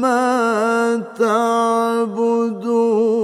ما تعبدون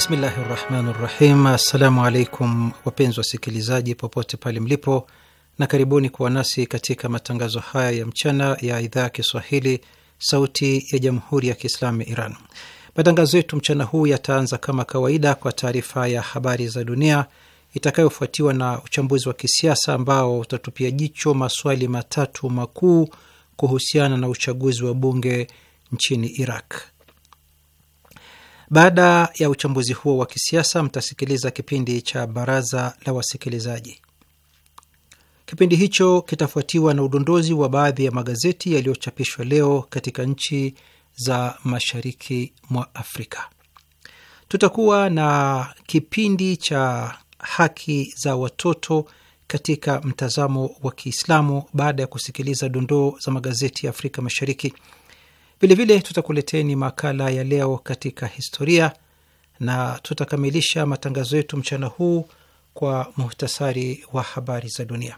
Bismillahi rahmani rahim. Assalamu alaikum wapenzi wasikilizaji popote pale mlipo, na karibuni kuwa nasi katika matangazo haya ya mchana ya idhaa ya Kiswahili sauti ya jamhuri ya Kiislamu ya Iran. Matangazo yetu mchana huu yataanza kama kawaida kwa taarifa ya habari za dunia itakayofuatiwa na uchambuzi wa kisiasa ambao utatupia jicho maswali matatu makuu kuhusiana na uchaguzi wa bunge nchini Iraq. Baada ya uchambuzi huo wa kisiasa, mtasikiliza kipindi cha baraza la wasikilizaji. Kipindi hicho kitafuatiwa na udondozi wa baadhi ya magazeti yaliyochapishwa leo katika nchi za mashariki mwa Afrika. Tutakuwa na kipindi cha haki za watoto katika mtazamo wa Kiislamu baada ya kusikiliza dondoo za magazeti ya Afrika Mashariki. Vilevile tutakuleteni makala ya leo katika historia na tutakamilisha matangazo yetu mchana huu kwa muhtasari wa habari za dunia.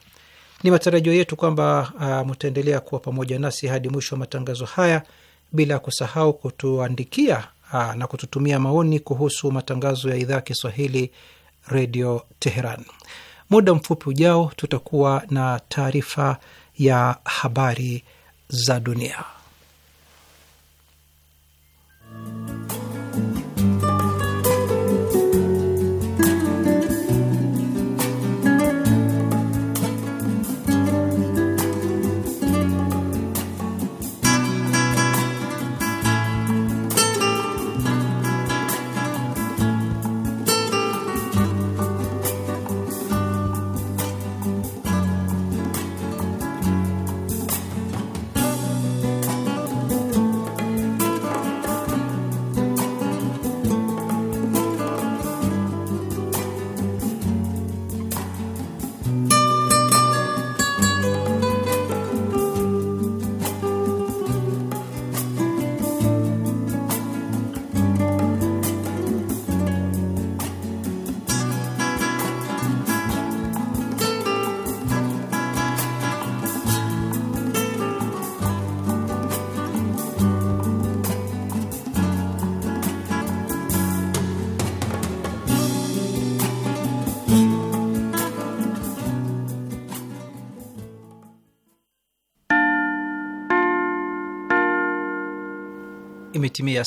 Ni matarajio yetu kwamba uh, mtaendelea kuwa pamoja nasi hadi mwisho wa matangazo haya, bila kusahau kutuandikia uh, na kututumia maoni kuhusu matangazo ya idhaa ya Kiswahili Redio Teheran. Muda mfupi ujao tutakuwa na taarifa ya habari za dunia.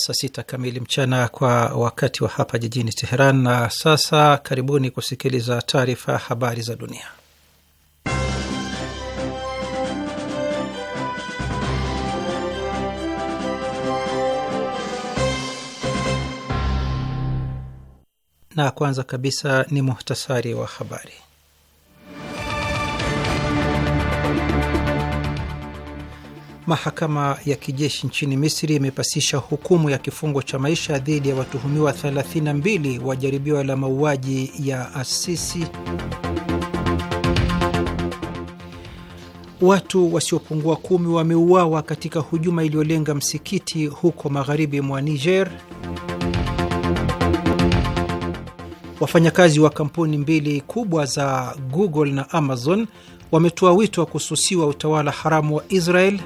saa sita kamili mchana kwa wakati wa hapa jijini Teheran. Na sasa karibuni kusikiliza taarifa ya habari za dunia, na kwanza kabisa ni muhtasari wa habari. Mahakama ya kijeshi nchini Misri imepasisha hukumu ya kifungo cha maisha dhidi ya watuhumiwa 32 wa jaribio la mauaji ya Asisi. Watu wasiopungua kumi wameuawa katika hujuma iliyolenga msikiti huko magharibi mwa Niger. Wafanyakazi wa kampuni mbili kubwa za Google na Amazon wametoa wito wa kususiwa utawala haramu wa Israel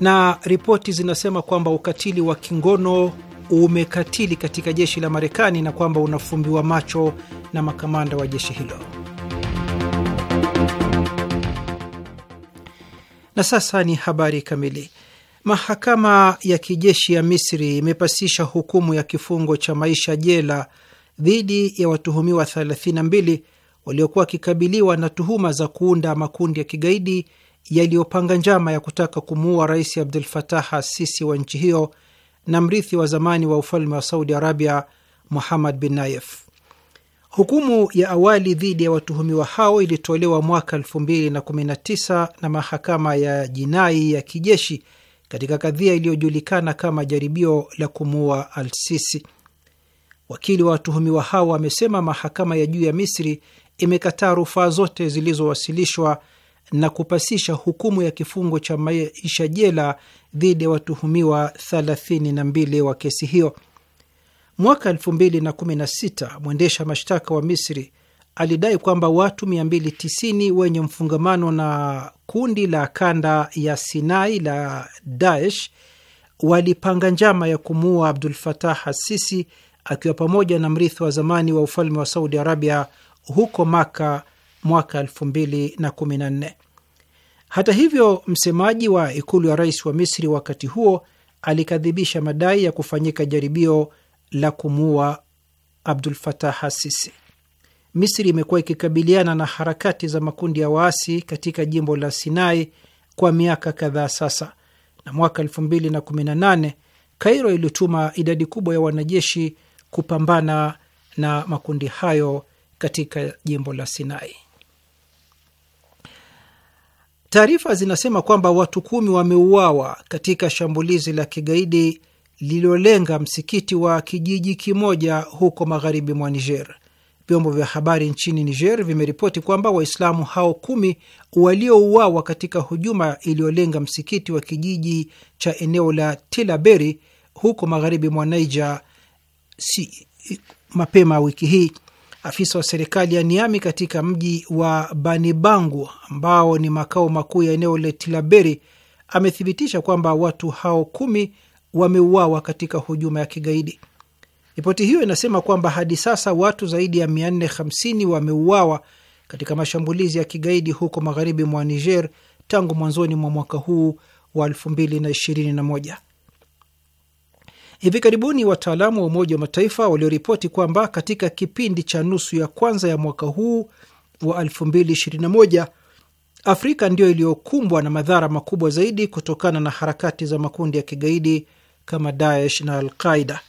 na ripoti zinasema kwamba ukatili wa kingono umekatili katika jeshi la Marekani na kwamba unafumbiwa macho na makamanda wa jeshi hilo. Na sasa ni habari kamili. Mahakama ya kijeshi ya Misri imepasisha hukumu ya kifungo cha maisha jela dhidi ya watuhumiwa 32 waliokuwa wakikabiliwa na tuhuma za kuunda makundi ya kigaidi yaliyopanga njama ya kutaka kumuua Rais Abdul Fatah assisi wa nchi hiyo na mrithi wa zamani wa ufalme wa Saudi Arabia Muhammad bin Nayef. Hukumu ya awali dhidi ya watuhumiwa hao ilitolewa mwaka 2019 na mahakama ya jinai ya kijeshi katika kadhia iliyojulikana kama jaribio la kumuua Al-Sisi. Wakili wa watuhumiwa hao amesema mahakama ya juu ya Misri imekataa rufaa zote zilizowasilishwa na kupasisha hukumu ya kifungo cha maisha jela dhidi ya watuhumiwa 32 wa kesi hiyo. Mwaka 2016 mwendesha mashtaka wa Misri alidai kwamba watu 290 wenye mfungamano na kundi la kanda ya Sinai la Daesh walipanga njama ya kumuua Abdul Fatah Assisi akiwa pamoja na mrithi wa zamani wa ufalme wa Saudi Arabia huko Maka mwaka 2014. Hata hivyo, msemaji wa ikulu ya rais wa Misri wakati huo alikadhibisha madai ya kufanyika jaribio la kumuua Abdul Fatah assisi Misri imekuwa ikikabiliana na harakati za makundi ya waasi katika jimbo la Sinai kwa miaka kadhaa sasa, na mwaka 2018 Kairo ilituma idadi kubwa ya wanajeshi kupambana na makundi hayo katika jimbo la Sinai. Taarifa zinasema kwamba watu kumi wameuawa katika shambulizi la kigaidi lililolenga msikiti wa kijiji kimoja huko magharibi mwa Niger. Vyombo vya habari nchini Niger vimeripoti kwamba Waislamu hao kumi waliouawa katika hujuma iliyolenga msikiti wa kijiji cha eneo la Tilaberi huko magharibi mwa Niger si, mapema wiki hii afisa wa serikali ya Niami katika mji wa Banibangu ambao ni makao makuu ya eneo la Tilaberi amethibitisha kwamba watu hao kumi wameuawa katika hujuma ya kigaidi. Ripoti hiyo inasema kwamba hadi sasa watu zaidi ya 450 wameuawa katika mashambulizi ya kigaidi huko magharibi mwa Niger tangu mwanzoni mwa mwaka huu wa 2021. Hivi karibuni wataalamu wa Umoja wa Mataifa walioripoti kwamba katika kipindi cha nusu ya kwanza ya mwaka huu wa 2021 Afrika ndiyo iliyokumbwa na madhara makubwa zaidi kutokana na harakati za makundi ya kigaidi kama Daesh na Alqaida.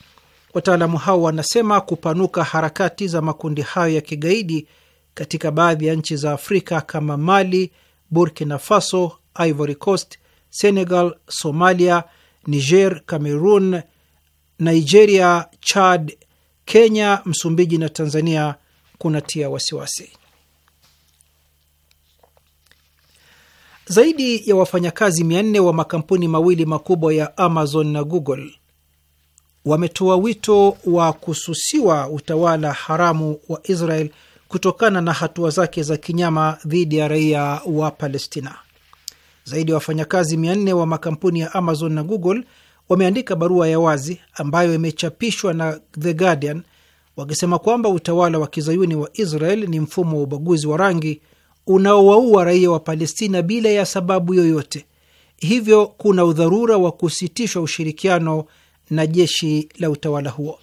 Wataalamu hao wanasema kupanuka harakati za makundi hayo ya kigaidi katika baadhi ya nchi za Afrika kama Mali, Burkina Faso, Ivory Coast, Senegal, Somalia, Niger, Cameroon, Nigeria, Chad, Kenya, Msumbiji na Tanzania kunatia wasiwasi. Zaidi ya wafanyakazi 400 wa makampuni mawili makubwa ya Amazon na Google wametoa wito wa kususiwa utawala haramu wa Israel kutokana na hatua zake za kinyama dhidi ya raia wa Palestina. Zaidi ya wafanyakazi 400 wa makampuni ya Amazon na Google wameandika barua ya wazi ambayo imechapishwa na The Guardian wakisema kwamba utawala wa kizayuni wa Israel ni mfumo wa ubaguzi wa rangi unaowaua raia wa Palestina bila ya sababu yoyote, hivyo kuna udharura wa kusitishwa ushirikiano na jeshi la utawala huo.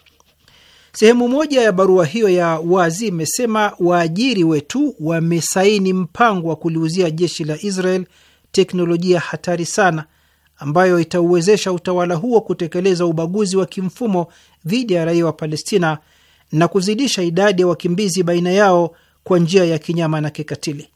Sehemu moja ya barua hiyo ya wazi imesema waajiri wetu wamesaini mpango wa kuliuzia jeshi la Israel teknolojia hatari sana ambayo itauwezesha utawala huo kutekeleza ubaguzi wa kimfumo dhidi ya raia wa Palestina na kuzidisha idadi ya wakimbizi baina yao kwa njia ya kinyama na kikatili.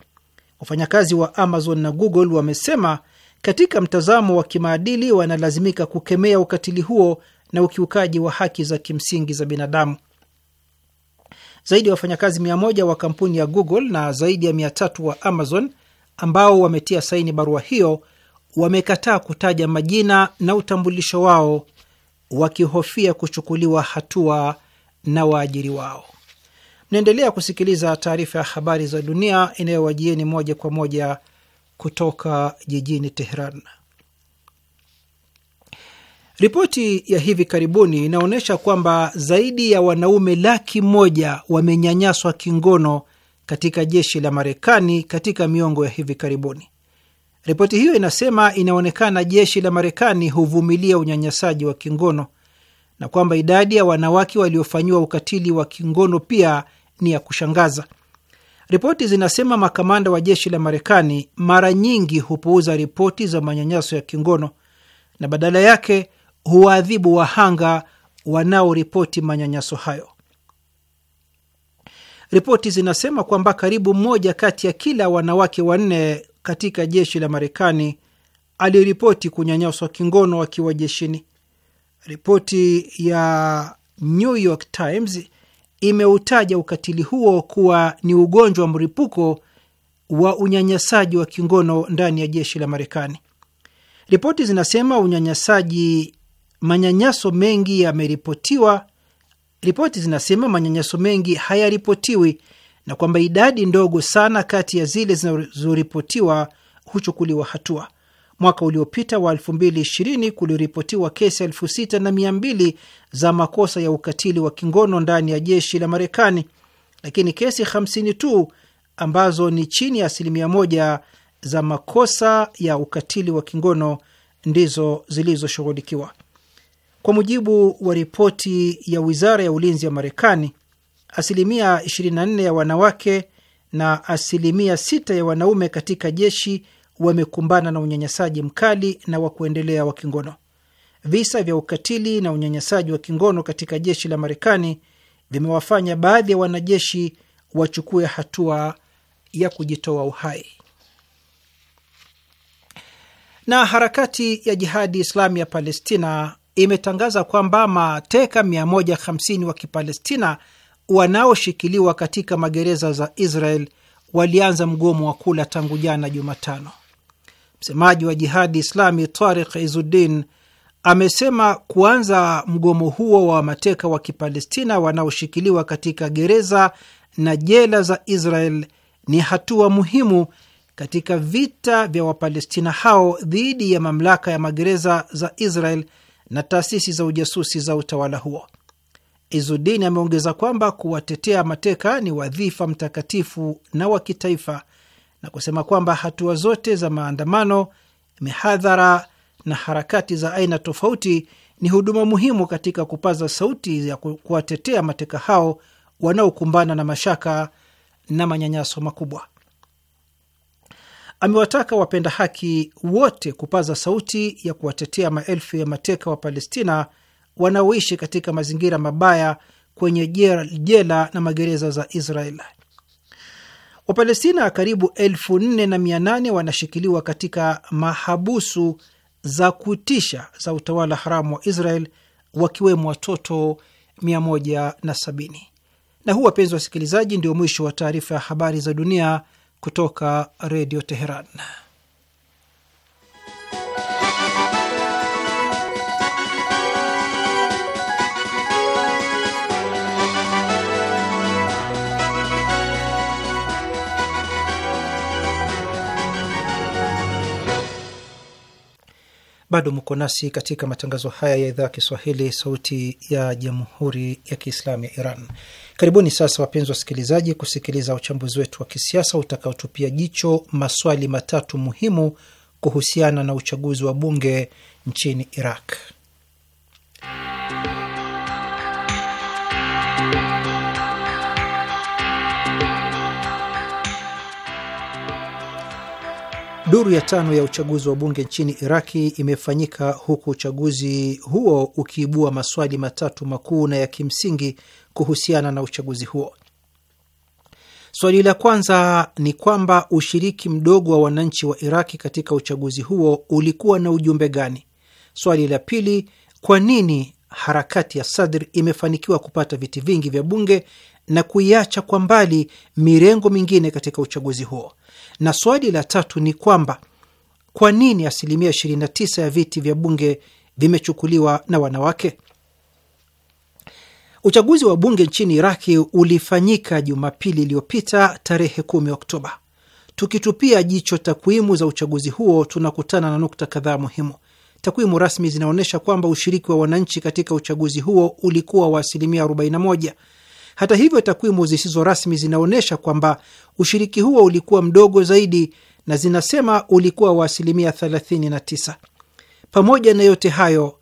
Wafanyakazi wa Amazon na Google wamesema katika mtazamo wa kimaadili wanalazimika kukemea ukatili huo na ukiukaji wa haki za kimsingi za binadamu. Zaidi ya wafanyakazi 1 wa kampuni ya Google na zaidi ya 3 wa Amazon ambao wametia saini barua hiyo wamekataa kutaja majina na utambulisho wao wakihofia kuchukuliwa hatua na waajiri wao. Mnaendelea kusikiliza taarifa ya habari za dunia inayowajieni moja kwa moja kutoka jijini Teheran. Ripoti ya hivi karibuni inaonyesha kwamba zaidi ya wanaume laki moja wamenyanyaswa kingono katika jeshi la Marekani katika miongo ya hivi karibuni. Ripoti hiyo inasema inaonekana jeshi la Marekani huvumilia unyanyasaji wa kingono na kwamba idadi ya wanawake waliofanyiwa ukatili wa kingono pia ni ya kushangaza. Ripoti zinasema makamanda wa jeshi la Marekani mara nyingi hupuuza ripoti za manyanyaso ya kingono na badala yake huwaadhibu wahanga wanaoripoti manyanyaso hayo. Ripoti zinasema kwamba karibu mmoja kati ya kila wanawake wanne katika jeshi la Marekani aliripoti kunyanyaswa kingono akiwa jeshini. Ripoti ya New York Times imeutaja ukatili huo kuwa ni ugonjwa mripuko wa unyanyasaji wa kingono ndani ya jeshi la Marekani. Ripoti zinasema unyanyasaji, manyanyaso mengi yameripotiwa. Ripoti zinasema manyanyaso mengi hayaripotiwi na kwamba idadi ndogo sana kati ya zile zinazoripotiwa huchukuliwa hatua. Mwaka uliopita wa 2020 kuliripotiwa kesi 6200 za makosa ya ukatili wa kingono ndani ya jeshi la Marekani, lakini kesi 50 tu ambazo ni chini ya asilimia moja za makosa ya ukatili wa kingono ndizo zilizoshughulikiwa. Kwa mujibu wa ripoti ya wizara ya ulinzi ya Marekani, asilimia 24 ya wanawake na asilimia sita ya wanaume katika jeshi wamekumbana na unyanyasaji mkali na wa kuendelea wa kingono. Visa vya ukatili na unyanyasaji wa kingono katika jeshi la Marekani vimewafanya baadhi ya wanajeshi wachukue hatua ya kujitoa uhai. Na harakati ya Jihadi Islami ya Palestina imetangaza kwamba mateka 150 wa Kipalestina wanaoshikiliwa katika magereza za Israel walianza mgomo wa kula tangu jana Jumatano. Msemaji wa Jihadi Islami Tariq Izuddin amesema kuanza mgomo huo wa mateka wa Kipalestina wanaoshikiliwa katika gereza na jela za Israel ni hatua muhimu katika vita vya Wapalestina hao dhidi ya mamlaka ya magereza za Israel na taasisi za ujasusi za utawala huo. Izudini ameongeza kwamba kuwatetea mateka ni wadhifa mtakatifu na wa kitaifa na kusema kwamba hatua zote za maandamano, mihadhara na harakati za aina tofauti ni huduma muhimu katika kupaza sauti ya kuwatetea mateka hao wanaokumbana na mashaka na manyanyaso makubwa. Amewataka wapenda haki wote kupaza sauti ya kuwatetea maelfu ya mateka wa Palestina wanaoishi katika mazingira mabaya kwenye jela na magereza za Israel. Wapalestina karibu elfu nne na mia nane wanashikiliwa katika mahabusu za kutisha za utawala haramu wa Israel, wakiwemo watoto 170. Na huu, wapenzi wa wasikilizaji, ndio mwisho wa taarifa ya habari za dunia kutoka Redio Teheran. Bado mko nasi katika matangazo haya ya idhaa ya Kiswahili, sauti ya jamhuri ya kiislamu ya Iran. Karibuni sasa, wapenzi wasikilizaji, kusikiliza uchambuzi wetu wa kisiasa utakaotupia jicho maswali matatu muhimu kuhusiana na uchaguzi wa bunge nchini Iraq. Duru ya tano ya uchaguzi wa bunge nchini Iraki imefanyika huku uchaguzi huo ukiibua maswali matatu makuu na ya kimsingi kuhusiana na uchaguzi huo. Swali la kwanza ni kwamba ushiriki mdogo wa wananchi wa Iraki katika uchaguzi huo ulikuwa na ujumbe gani? Swali la pili, kwa nini harakati ya Sadr imefanikiwa kupata viti vingi vya bunge na kuiacha kwa mbali mirengo mingine katika uchaguzi huo? Na swali la tatu ni kwamba kwa nini asilimia 29 ya viti vya bunge vimechukuliwa na wanawake? Uchaguzi wa bunge nchini Iraki ulifanyika Jumapili iliyopita tarehe 10 Oktoba. Tukitupia jicho takwimu za uchaguzi huo, tunakutana na nukta kadhaa muhimu. Takwimu rasmi zinaonyesha kwamba ushiriki wa wananchi katika uchaguzi huo ulikuwa wa asilimia 41 hata hivyo, takwimu zisizo rasmi zinaonyesha kwamba ushiriki huo ulikuwa mdogo zaidi na zinasema ulikuwa wa asilimia 39. Pamoja na yote hayo,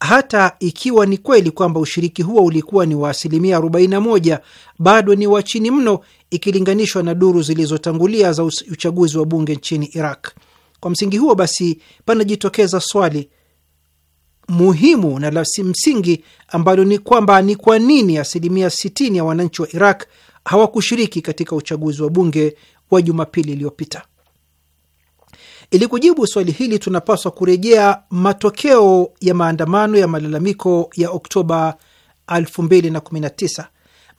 hata ikiwa ni kweli kwamba ushiriki huo ulikuwa ni wa asilimia 41, bado ni wa chini mno ikilinganishwa na duru zilizotangulia za uchaguzi wa bunge nchini Iraq. Kwa msingi huo basi, panajitokeza swali muhimu na la msingi ambalo ni kwamba ni kwa nini asilimia 60 ya wananchi wa Iraq hawakushiriki katika uchaguzi wa bunge wa Jumapili iliyopita. Ili kujibu swali hili, tunapaswa kurejea matokeo ya maandamano ya malalamiko ya Oktoba 2019,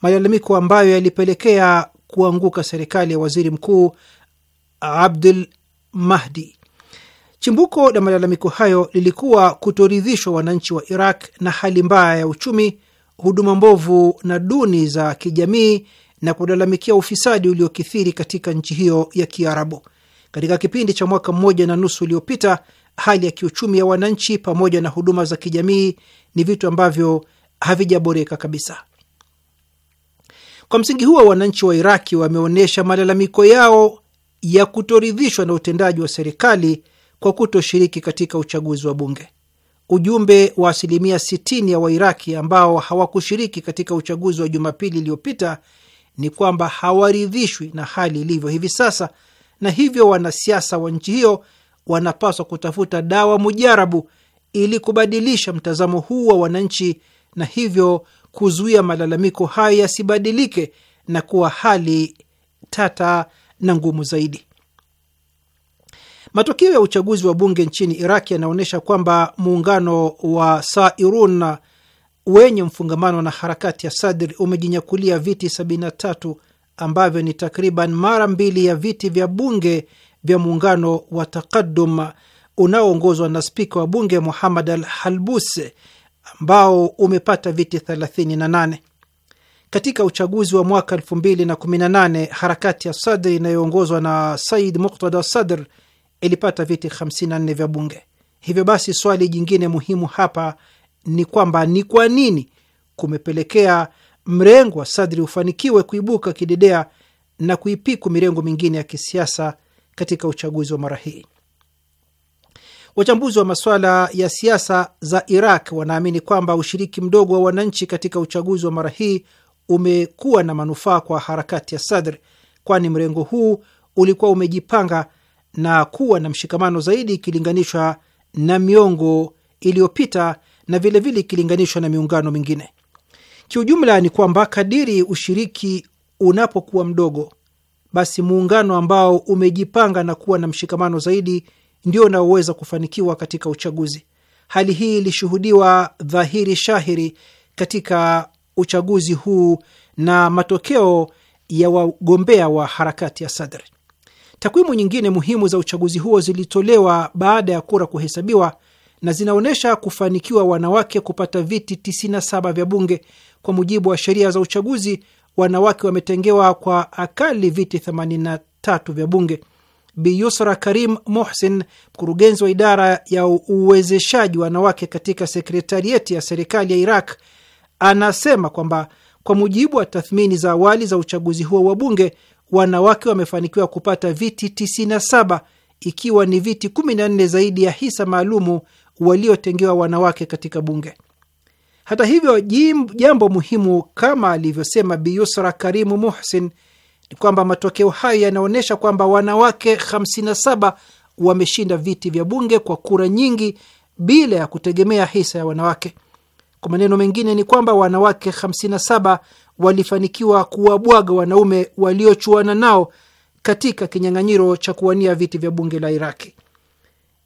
malalamiko ambayo yalipelekea kuanguka serikali ya waziri mkuu Abdul Mahdi Chimbuko la malalamiko hayo lilikuwa kutoridhishwa wananchi wa Iraq na hali mbaya ya uchumi, huduma mbovu na duni za kijamii, na kulalamikia ufisadi uliokithiri katika nchi hiyo ya Kiarabu. Katika kipindi cha mwaka mmoja na nusu uliopita, hali ya kiuchumi ya wananchi pamoja na huduma za kijamii ni vitu ambavyo havijaboreka kabisa. Kwa msingi huo, wananchi wa Iraki wameonyesha malalamiko yao ya kutoridhishwa na utendaji wa serikali kwa kutoshiriki katika uchaguzi wa bunge. Ujumbe wa asilimia 60 ya Wairaki ambao hawakushiriki katika uchaguzi wa Jumapili iliyopita ni kwamba hawaridhishwi na hali ilivyo hivi sasa, na hivyo wanasiasa wa nchi hiyo wanapaswa kutafuta dawa mujarabu ili kubadilisha mtazamo huu wa wananchi na hivyo kuzuia malalamiko hayo yasibadilike na kuwa hali tata na ngumu zaidi. Matokeo ya uchaguzi wa bunge nchini Iraq yanaonyesha kwamba muungano wa Sairun wenye mfungamano na harakati ya Sadri umejinyakulia viti 73 ambavyo ni takriban mara mbili ya viti vya bunge vya muungano wa Takadum unaoongozwa na spika wa bunge Muhamad al Halbus ambao umepata viti 38. Katika uchaguzi wa mwaka 2018 harakati ya Sadri inayoongozwa na Said Muktada Sadr ilipata viti 54 vya bunge. Hivyo basi swali jingine muhimu hapa ni kwamba ni kwa nini kumepelekea mrengo wa Sadri ufanikiwe kuibuka kidedea na kuipiku mirengo mingine ya kisiasa katika uchaguzi wa mara hii. Wachambuzi wa masuala ya siasa za Iraq wanaamini kwamba ushiriki mdogo wa wananchi katika uchaguzi wa mara hii umekuwa na manufaa kwa harakati ya Sadr, kwani mrengo huu ulikuwa umejipanga na kuwa na mshikamano zaidi ikilinganishwa na miongo iliyopita na vilevile ikilinganishwa na miungano mingine. Kiujumla ni kwamba kadiri ushiriki unapokuwa mdogo, basi muungano ambao umejipanga na kuwa na mshikamano zaidi ndio unaoweza kufanikiwa katika uchaguzi. Hali hii ilishuhudiwa dhahiri shahiri katika uchaguzi huu na matokeo ya wagombea wa harakati ya Sadri. Takwimu nyingine muhimu za uchaguzi huo zilitolewa baada ya kura kuhesabiwa na zinaonyesha kufanikiwa wanawake kupata viti 97 vya bunge. Kwa mujibu wa sheria za uchaguzi, wanawake wametengewa kwa akali viti 83 vya bunge. Bi Yusra Karim Mohsen, mkurugenzi wa idara ya uwezeshaji wanawake katika sekretarieti ya serikali ya Iraq, anasema kwamba kwa mujibu wa tathmini za awali za uchaguzi huo wa bunge, wanawake wamefanikiwa kupata viti 97 ikiwa ni viti 14 zaidi ya hisa maalumu waliotengewa wanawake katika bunge. Hata hivyo, jambo muhimu kama alivyosema Bi Yusra Karimu Muhsin ni kwamba matokeo hayo yanaonyesha kwamba wanawake 57 wameshinda viti vya bunge kwa kura nyingi bila ya kutegemea hisa ya wanawake. Kwa maneno mengine ni kwamba wanawake 57 walifanikiwa kuwabwaga wanaume waliochuana nao katika kinyang'anyiro cha kuwania viti vya bunge la Iraki.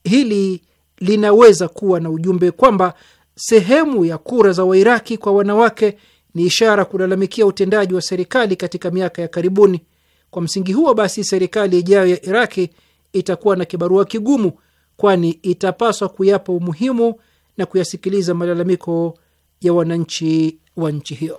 Hili linaweza kuwa na ujumbe kwamba sehemu ya kura za Wairaki kwa wanawake ni ishara kulalamikia utendaji wa serikali katika miaka ya karibuni. Kwa msingi huo basi, serikali ijayo ya Iraki itakuwa na kibarua kigumu, kwani itapaswa kuyapa umuhimu na kuyasikiliza malalamiko ya wananchi wa nchi hiyo.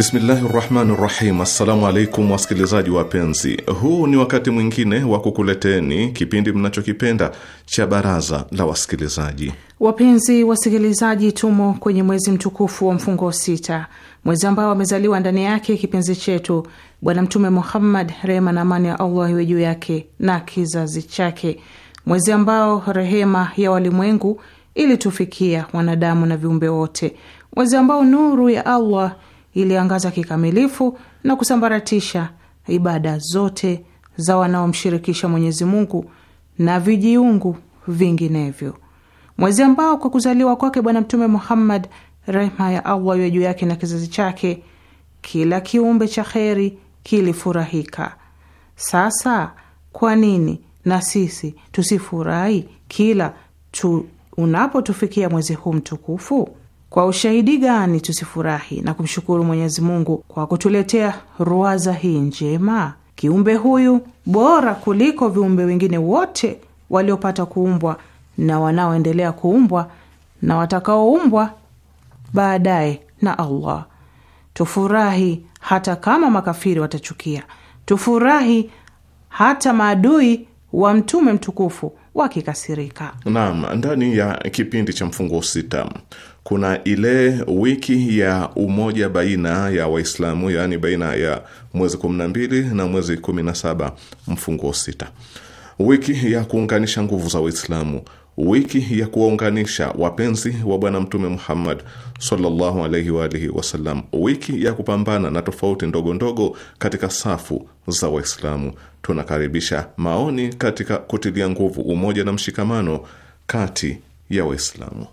Bismillahi rahmani rahim. Assalamu alaikum wasikilizaji wapenzi, huu ni wakati mwingine wa kukuleteni kipindi mnachokipenda cha baraza la wasikilizaji. Wapenzi wasikilizaji, tumo kwenye mwezi mtukufu wa mfungo sita, mwezi ambao amezaliwa ndani yake kipenzi chetu Bwana Mtume Muhammad, rehema na amani ya Allah iwe juu yake na kizazi chake, mwezi ambao rehema ya walimwengu ili tufikia wanadamu na viumbe wote, mwezi ambao nuru ya Allah iliangaza kikamilifu na kusambaratisha ibada zote za wanaomshirikisha Mwenyezi Mungu na vijiungu vinginevyo. Mwezi ambao kwa kuzaliwa kwake Bwana Mtume Muhammad, rehma ya Allah iwe juu yake na kizazi chake, kila kiumbe cha kheri kilifurahika. Sasa kwa nini na sisi tusifurahi kila tu unapotufikia mwezi huu mtukufu? Kwa ushahidi gani tusifurahi na kumshukuru Mwenyezi Mungu kwa kutuletea ruwaza hii njema? Kiumbe huyu bora kuliko viumbe wengine wote waliopata kuumbwa na wanaoendelea kuumbwa na watakaoumbwa baadaye na Allah. Tufurahi hata kama makafiri watachukia, tufurahi hata maadui wa mtume mtukufu wakikasirika. Naam, ndani ya kipindi cha mfungo sita kuna ile wiki ya umoja baina ya Waislamu, yaani baina ya mwezi 12 na mwezi 17 mfunguo sita, wiki ya kuunganisha nguvu za Waislamu, wiki ya kuwaunganisha wapenzi wa Bwana Mtume Muhammad sallallahu alaihi wa alihi wasallam, wiki ya kupambana na tofauti ndogo ndogo katika safu za Waislamu. Tunakaribisha maoni katika kutilia nguvu umoja na mshikamano kati ya Waislamu.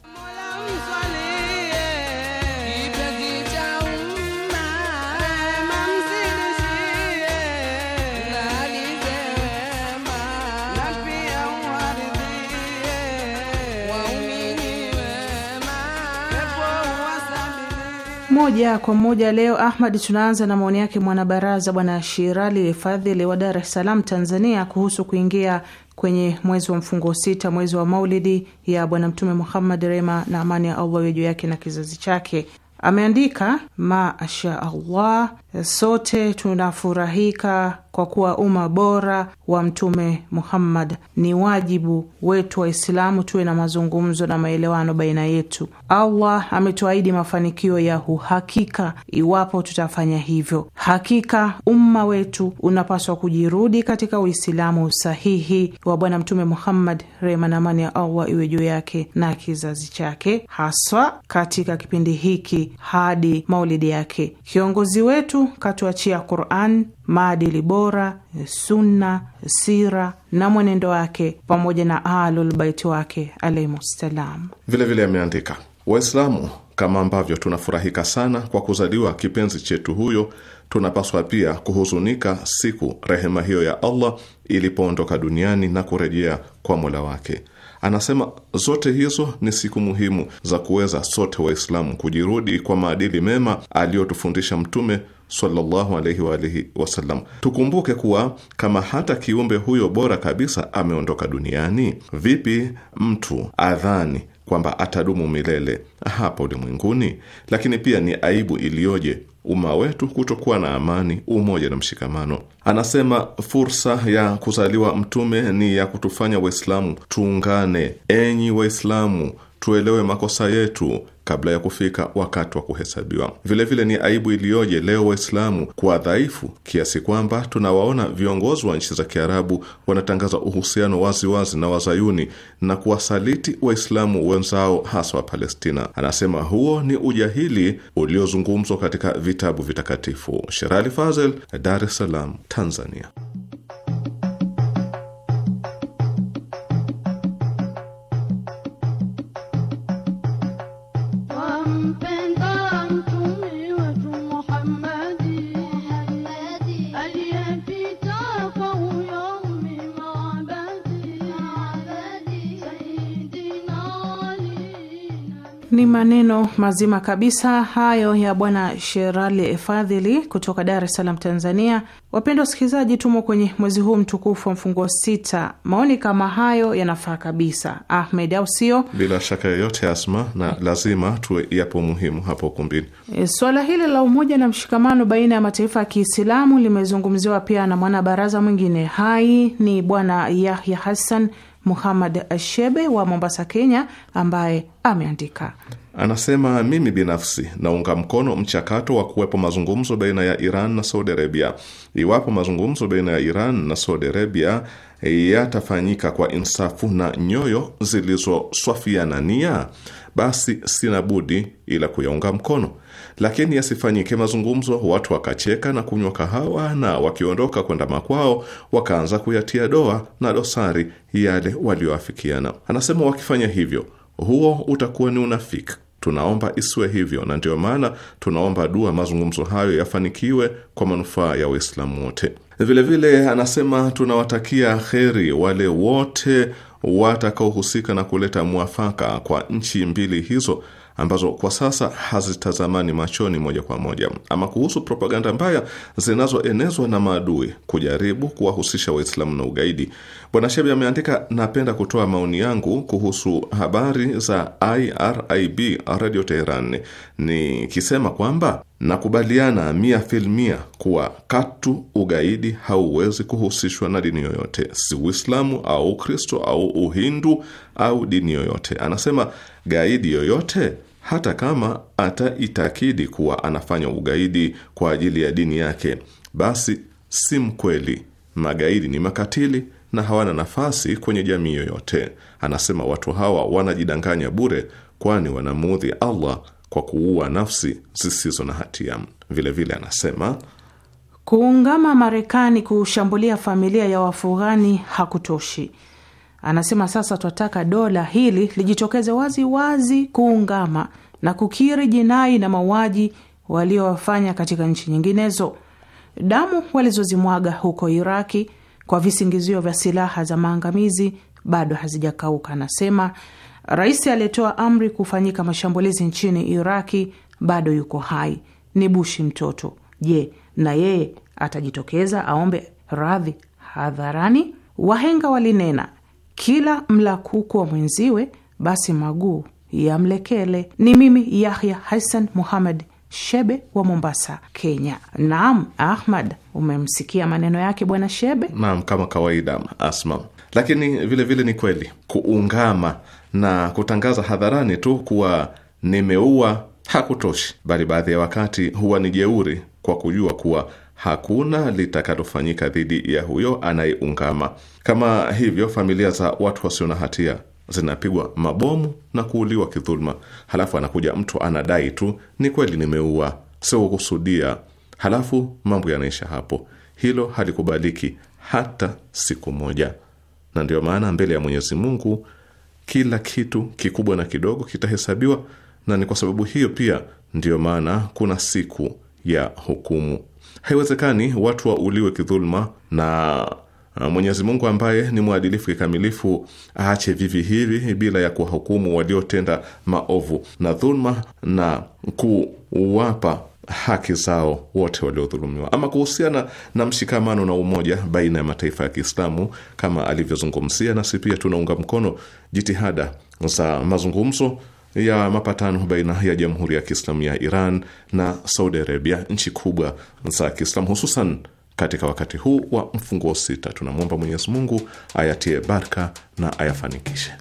moja kwa moja leo, Ahmad, tunaanza na maoni yake mwanabaraza Bwana Shirali Fadhili wa Dar es Salaam, Tanzania, kuhusu kuingia kwenye mwezi wa mfungo sita, mwezi wa maulidi ya Bwana Mtume Muhammad, rehma na amani ya Allah juu yake na kizazi chake. Ameandika mashallah sote tunafurahika kwa kuwa umma bora wa Mtume Muhammad. Ni wajibu wetu Waislamu tuwe na mazungumzo na maelewano baina yetu. Allah ametuahidi mafanikio ya uhakika iwapo tutafanya hivyo. Hakika umma wetu unapaswa kujirudi katika Uislamu sahihi wa Bwana Mtume Muhammad, rehma na amani ya Allah iwe juu yake na kizazi chake, haswa katika kipindi hiki hadi maulidi yake. Kiongozi wetu katuachia Quran, maadili bora, sunna, sira na mwenendo wake, pamoja na Ahlulbaiti wake alaihimussalam. Vilevile ameandika Waislamu kama ambavyo tunafurahika sana kwa kuzaliwa kipenzi chetu huyo, tunapaswa pia kuhuzunika siku rehema hiyo ya Allah ilipoondoka duniani na kurejea kwa mola wake. Anasema zote hizo ni siku muhimu za kuweza sote Waislamu kujirudi kwa maadili mema aliyotufundisha Mtume sallallahu alaihi wa alihi wasallam. Tukumbuke kuwa kama hata kiumbe huyo bora kabisa ameondoka duniani, vipi mtu adhani kwamba atadumu milele hapa ulimwenguni? Lakini pia ni aibu iliyoje umma wetu kutokuwa na amani, umoja na mshikamano. Anasema fursa ya kuzaliwa mtume ni ya kutufanya Waislamu tuungane. Enyi Waislamu, tuelewe makosa yetu kabla ya kufika wakati wa kuhesabiwa. Vilevile vile ni aibu iliyoje leo Waislamu kuwa dhaifu kiasi kwamba tunawaona viongozi wa nchi za Kiarabu wanatangaza uhusiano waziwazi wazi na wazayuni na kuwasaliti Waislamu wenzao hasa wa Palestina. Anasema huo ni ujahili uliozungumzwa katika vitabu vitakatifu. Sherali Fazel, Dar es Salaam, Tanzania. Ni maneno mazima kabisa hayo ya Bwana Sherali Fadhili kutoka Dar es Salaam, Tanzania. Wapendwa wasikilizaji, tumo kwenye mwezi huu mtukufu wa mfungo sita. Maoni kama hayo yanafaa kabisa, Ahmed, au sio? Bila shaka yoyote, Asma, na lazima tuwe yapo muhimu hapo ukumbini. E, swala hili la umoja na mshikamano baina ya mataifa ya Kiislamu limezungumziwa pia na mwanabaraza mwingine hai, ni Bwana Yahya Hassan Muhammad Ashebe wa Mombasa, Kenya, ambaye ameandika anasema, mimi binafsi naunga mkono mchakato wa kuwepo mazungumzo baina ya Iran na Saudi Arabia. Iwapo mazungumzo baina ya Iran na Saudi Arabia yatafanyika kwa insafu na nyoyo zilizoswafiana nia, basi sina budi ila kuyaunga mkono lakini yasifanyike mazungumzo, watu wakacheka na kunywa kahawa, na wakiondoka kwenda makwao wakaanza kuyatia doa na dosari yale walioafikiana. Anasema wakifanya hivyo, huo utakuwa ni unafiki. Tunaomba isiwe hivyo, na ndiyo maana tunaomba dua mazungumzo hayo yafanikiwe kwa manufaa ya Waislamu wote. Vilevile anasema tunawatakia kheri wale wote watakaohusika na kuleta mwafaka kwa nchi mbili hizo ambazo kwa sasa hazitazamani machoni moja kwa moja, ama kuhusu propaganda mbaya zinazoenezwa na maadui kujaribu kuwahusisha Waislamu na ugaidi. Bwana Shebi ameandika, napenda kutoa maoni yangu kuhusu habari za IRIB Radio Teheran nikisema kwamba nakubaliana mia filmia kuwa katu ugaidi hauwezi kuhusishwa na dini yoyote, si Uislamu au Ukristo au Uhindu au dini yoyote. Anasema gaidi yoyote hata kama ataitakidi kuwa anafanya ugaidi kwa ajili ya dini yake, basi si mkweli. Magaidi ni makatili na hawana nafasi kwenye jamii yoyote. Anasema watu hawa wanajidanganya bure, kwani wanamuudhi Allah kwa kuua nafsi zisizo na hatia. Vilevile vile anasema kuungama Marekani kushambulia familia ya Wafughani hakutoshi Anasema sasa twataka dola hili lijitokeze wazi wazi kuungama na kukiri jinai na mauaji waliowafanya katika nchi nyinginezo. Damu walizozimwaga huko Iraki kwa visingizio vya silaha za maangamizi bado hazijakauka. Anasema rais aliyetoa amri kufanyika mashambulizi nchini Iraki bado yuko hai, ni Bushi mtoto. Je, na yeye atajitokeza aombe radhi hadharani? Wahenga walinena kila mla kuku wa mwenziwe, basi maguu yamlekele. Ni mimi Yahya Hassan Muhammad Shebe wa Mombasa, Kenya. Naam, Ahmad, umemsikia maneno yake bwana Shebe? Naam, kama kawaida Asma. Lakini vilevile vile ni kweli kuungama na kutangaza hadharani tu kuwa nimeua hakutoshi, bali baadhi ya wakati huwa ni jeuri kwa kujua kuwa hakuna litakalofanyika dhidi ya huyo anayeungama. Kama hivyo, familia za watu wasio na hatia zinapigwa mabomu na kuuliwa kidhuluma, halafu anakuja mtu anadai tu, ni kweli nimeua, sikukusudia, halafu mambo yanaisha hapo. Hilo halikubaliki hata siku moja, na ndiyo maana mbele ya Mwenyezi Mungu kila kitu kikubwa na kidogo kitahesabiwa, na ni kwa sababu hiyo pia ndiyo maana kuna siku ya hukumu. Haiwezekani watu wauliwe kidhuluma na uh, Mwenyezi Mungu ambaye ni mwadilifu kikamilifu aache vivi hivi bila ya kuwahukumu waliotenda maovu na dhuluma na kuwapa haki zao wote waliodhulumiwa. Ama kuhusiana na mshikamano na umoja baina ya mataifa ya Kiislamu kama alivyozungumzia, nasi pia tunaunga mkono jitihada za mazungumzo ya mapatano baina ya Jamhuri ya Kiislamu ya Iran na Saudi Arabia, nchi kubwa za Kiislamu, hususan katika wakati huu wa mfungo sita. Tunamwomba Mwenyezi Mungu ayatie barka na ayafanikishe.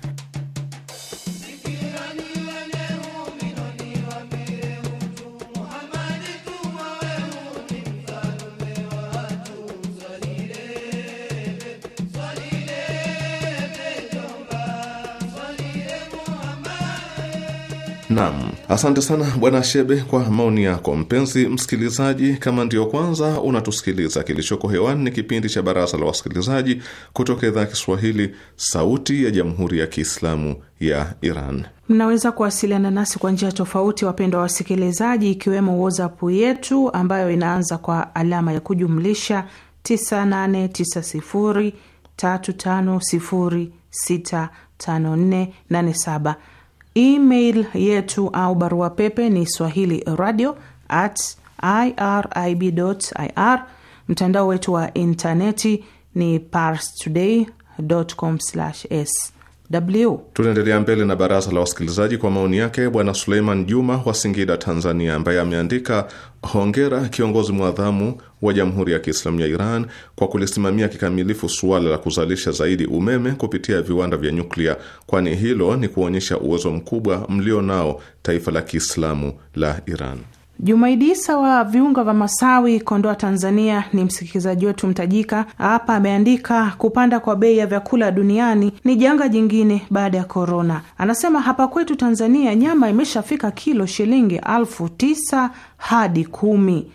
Naam, asante sana Bwana Shebe kwa maoni yako. Mpenzi msikilizaji, kama ndiyo kwanza unatusikiliza, kilichoko hewani ni kipindi cha Baraza la Wasikilizaji kutoka idhaa ya Kiswahili, Sauti ya Jamhuri ya Kiislamu ya Iran. Mnaweza kuwasiliana nasi kwa njia tofauti, wapendwa wasikilizaji, ikiwemo WhatsApp yetu ambayo inaanza kwa alama ya kujumlisha 989035065487 Email yetu au barua pepe ni swahili radio at irib ir. Mtandao wetu wa intaneti ni parstoday com sw w. Tunaendelea mbele na baraza la wasikilizaji kwa maoni yake Bwana Suleiman Juma wa Singida, Tanzania, ambaye ameandika hongera kiongozi mwadhamu wa Jamhuri ya Kiislamu ya Iran kwa kulisimamia kikamilifu suala la kuzalisha zaidi umeme kupitia viwanda vya nyuklia, kwani hilo ni kuonyesha uwezo mkubwa mlio nao taifa la Kiislamu la Iran. Jumaidi Isa wa viunga vya Masawi, Kondoa, Tanzania, ni msikilizaji wetu mtajika. Hapa ameandika kupanda kwa bei ya vyakula duniani ni janga jingine baada ya korona. Anasema hapa kwetu Tanzania nyama imeshafika kilo shilingi alfu tisa hadi kumi.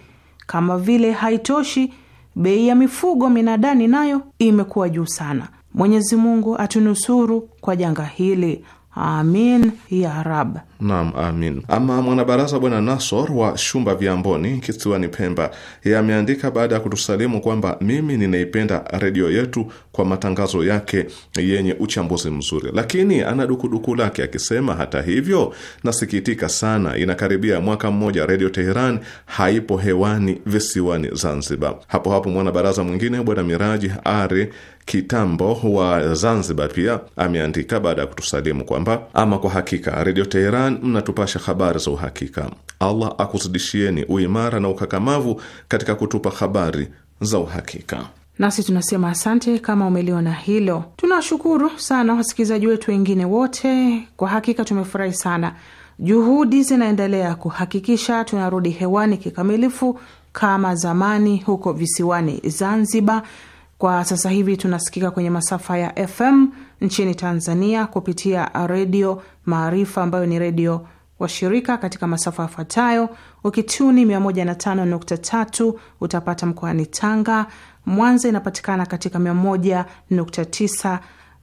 Kama vile haitoshi, bei ya mifugo minadani nayo imekuwa juu sana. Mwenyezi Mungu atunusuru kwa janga hili, amin ya rab. Naam, amin. Ama mwanabaraza Bwana Nasor wa Shumba Viamboni, kisiwani Pemba, yeye ameandika baada ya kutusalimu kwamba mimi ninaipenda redio yetu kwa matangazo yake yenye uchambuzi mzuri, lakini ana dukuduku lake akisema, hata hivyo, nasikitika sana, inakaribia mwaka mmoja redio Teheran haipo hewani visiwani Zanzibar. Hapo hapo mwanabaraza mwingine Bwana Miraji Ari Kitambo wa Zanzibar pia ameandika baada ya kutusalimu kwamba ama kwa hakika redio Teheran Quran mnatupasha habari za uhakika. Allah akuzidishieni uimara na ukakamavu katika kutupa habari za uhakika. Nasi tunasema asante kama umeliona hilo. Tunawashukuru sana wasikilizaji wetu wengine wote, kwa hakika tumefurahi sana. Juhudi zinaendelea kuhakikisha tunarudi hewani kikamilifu kama zamani huko visiwani Zanzibar. Kwa sasa hivi tunasikika kwenye masafa ya FM nchini Tanzania kupitia redio Maarifa ambayo ni redio washirika katika masafa yafuatayo: ukituni 105.3 utapata mkoani Tanga. Mwanza inapatikana katika 101.9.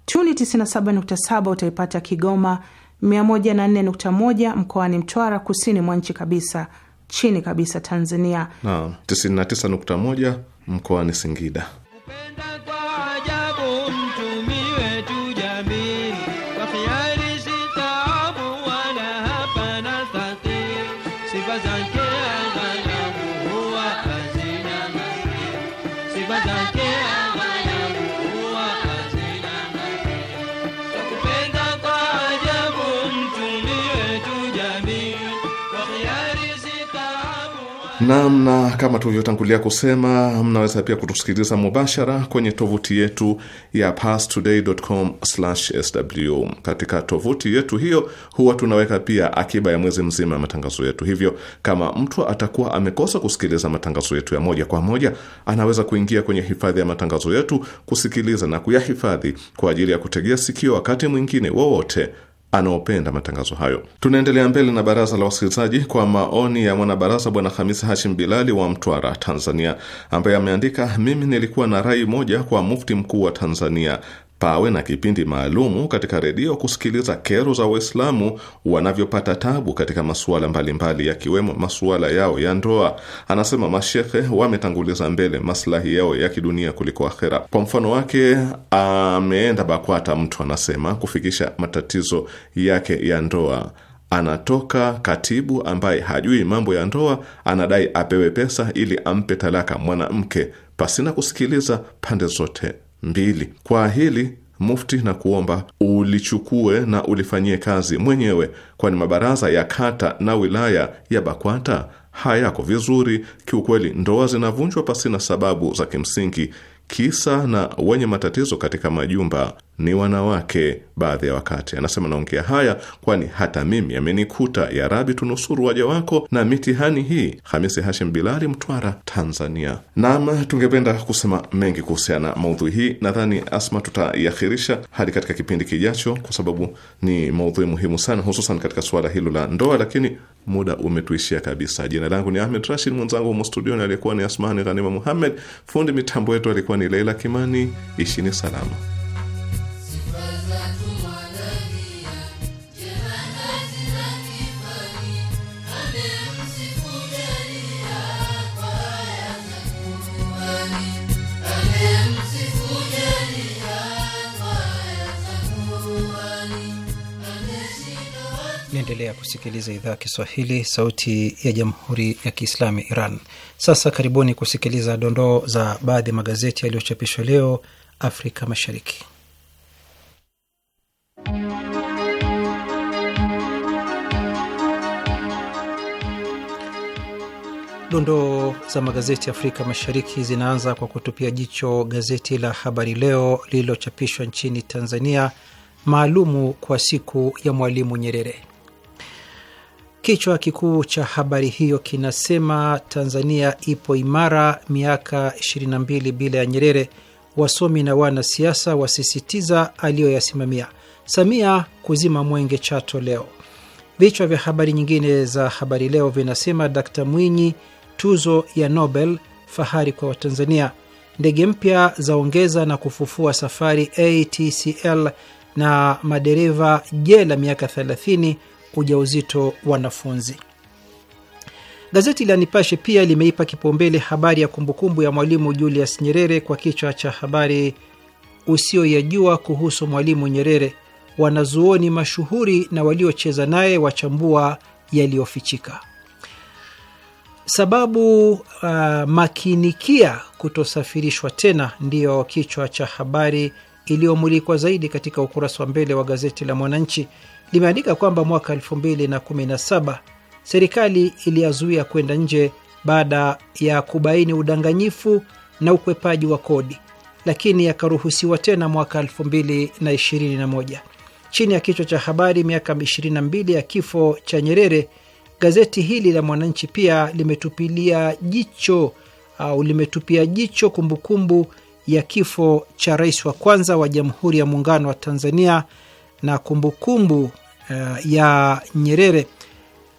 Tuni 97.7 utaipata Kigoma, 104.1 mkoani Mtwara, kusini mwa nchi kabisa, chini kabisa Tanzania, na 99.1 mkoani Singida. namna kama tulivyotangulia kusema, mnaweza pia kutusikiliza mubashara kwenye tovuti yetu ya pastoday.com/sw. Katika tovuti yetu hiyo huwa tunaweka pia akiba ya mwezi mzima ya matangazo yetu, hivyo kama mtu atakuwa amekosa kusikiliza matangazo yetu ya moja kwa moja, anaweza kuingia kwenye hifadhi ya matangazo yetu, kusikiliza na kuyahifadhi kwa ajili ya kutegea sikio wakati mwingine wowote anaopenda matangazo hayo. Tunaendelea mbele na baraza la wasikilizaji kwa maoni ya mwanabaraza Bwana Hamisi Hashim Bilali wa Mtwara, Tanzania, ambaye ameandika, mimi nilikuwa na rai moja kwa mufti mkuu wa Tanzania pawe na kipindi maalumu katika redio kusikiliza kero za Waislamu wanavyopata tabu katika masuala mbalimbali yakiwemo masuala yao ya ndoa. Anasema mashekhe wametanguliza mbele maslahi yao ya kidunia kuliko akhera. Kwa mfano wake, ameenda BAKWATA mtu anasema kufikisha matatizo yake ya ndoa anatoka katibu ambaye hajui mambo ya ndoa, anadai apewe pesa ili ampe talaka mwanamke pasina kusikiliza pande zote. Mbili, kwa hili Mufti na kuomba ulichukue na ulifanyie kazi mwenyewe, kwani mabaraza ya kata na wilaya ya BAKWATA hayako vizuri kiukweli. Ndoa zinavunjwa pasina sababu za kimsingi, kisa na wenye matatizo katika majumba ni wanawake baadhi ya wakati. Anasema, naongea haya kwani hata mimi amenikuta Ya Rabi, tunusuru waja wako na mitihani hii. Hamisi Hashim Bilali, Mtwara, Tanzania. Naam, tungependa kusema mengi kuhusiana maudhui hii. Nadhani Asma, tutaiakhirisha hadi katika kipindi kijacho, kwa sababu ni maudhui muhimu sana, hususan katika suala hilo la ndoa, lakini muda umetuishia kabisa. Jina langu ni Ahmed Rashid, mwenzangu humo studioni aliyekuwa ni Asmani Ghanima Muhammed, fundi mitambo yetu alikuwa ni Leila Kimani. Ishini salama. Naendelea kusikiliza idhaa ya Kiswahili, sauti ya jamhuri ya kiislamu ya Iran. Sasa karibuni kusikiliza dondoo za baadhi ya magazeti yaliyochapishwa leo Afrika Mashariki. Dondoo za magazeti ya Afrika Mashariki zinaanza kwa kutupia jicho gazeti la Habari Leo lililochapishwa nchini Tanzania, maalumu kwa siku ya Mwalimu Nyerere. Kichwa kikuu cha habari hiyo kinasema Tanzania ipo imara miaka 22 bila ya Nyerere, wasomi na wanasiasa wasisitiza aliyoyasimamia, Samia kuzima mwenge Chato leo. Vichwa vya habari nyingine za habari leo vinasema Dkt Mwinyi, tuzo ya Nobel fahari kwa Watanzania, ndege mpya zaongeza na kufufua safari ATCL, na madereva jela miaka ujauzito wanafunzi. Gazeti la Nipashe pia limeipa kipaumbele habari ya kumbukumbu ya Mwalimu Julius Nyerere kwa kichwa cha habari, usiyoyajua kuhusu Mwalimu Nyerere, wanazuoni mashuhuri na waliocheza naye wachambua yaliyofichika. Sababu uh, makinikia kutosafirishwa tena ndiyo kichwa cha habari iliyomulikwa zaidi katika ukurasa wa mbele wa gazeti la Mwananchi limeandika kwamba mwaka 2017 serikali iliyazuia kwenda nje baada ya kubaini udanganyifu na ukwepaji wa kodi, lakini yakaruhusiwa tena mwaka 2021. Chini ya kichwa cha habari miaka 22 ya kifo cha Nyerere, gazeti hili la Mwananchi pia limetupilia jicho au limetupia jicho kumbukumbu ya kifo cha rais wa kwanza wa Jamhuri ya Muungano wa Tanzania na kumbukumbu uh, ya Nyerere.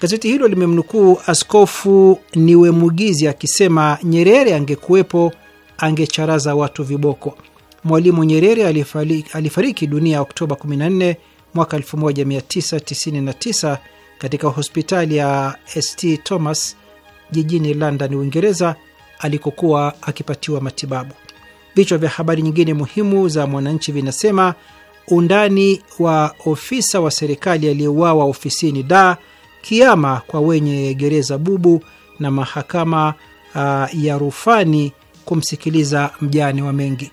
Gazeti hilo limemnukuu Askofu Mugizi akisema Nyerere angekuwepo angecharaza watu viboko. Mwalimu Nyerere alifariki, alifariki dunia Oktoba 14 mwaka 1999 katika hospitali ya St Thomas jijini London, Uingereza, alikokuwa akipatiwa matibabu. Vichwa vya habari nyingine muhimu za Mwananchi vinasema undani wa ofisa wa serikali aliyeuawa ofisini Da, kiama kwa wenye gereza bubu, na mahakama uh, ya rufani kumsikiliza mjane wa Mengi.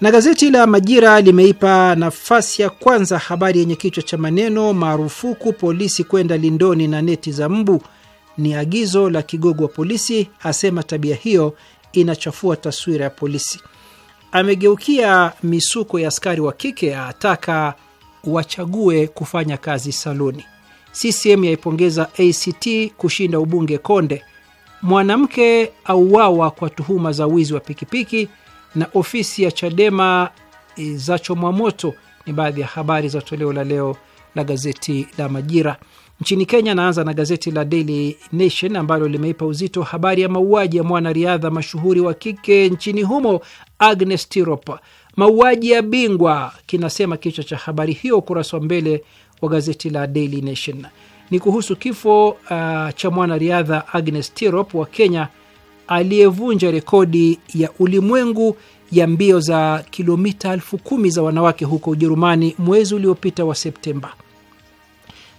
Na gazeti la Majira limeipa nafasi ya kwanza habari yenye kichwa cha maneno marufuku polisi kwenda lindoni na neti za mbu, ni agizo la kigogo wa polisi, asema tabia hiyo inachafua taswira ya polisi amegeukia misuko ya askari wa kike, ataka wachague kufanya kazi saluni. CCM yaipongeza ACT kushinda ubunge Konde. Mwanamke auawa kwa tuhuma za wizi wa pikipiki, na ofisi ya Chadema za chomwa moto. Ni baadhi ya habari za toleo la leo la gazeti la Majira. Nchini Kenya, anaanza na gazeti la Daily Nation ambalo limeipa uzito habari ya mauaji ya mwanariadha mashuhuri wa kike nchini humo Agnes Tirop. Mauaji ya bingwa, kinasema kichwa cha habari hiyo ukurasa wa mbele wa gazeti la Daily Nation. Ni kuhusu kifo uh, cha mwanariadha Agnes Tirop wa Kenya aliyevunja rekodi ya ulimwengu ya mbio za kilomita elfu kumi za wanawake huko Ujerumani mwezi uliopita wa Septemba.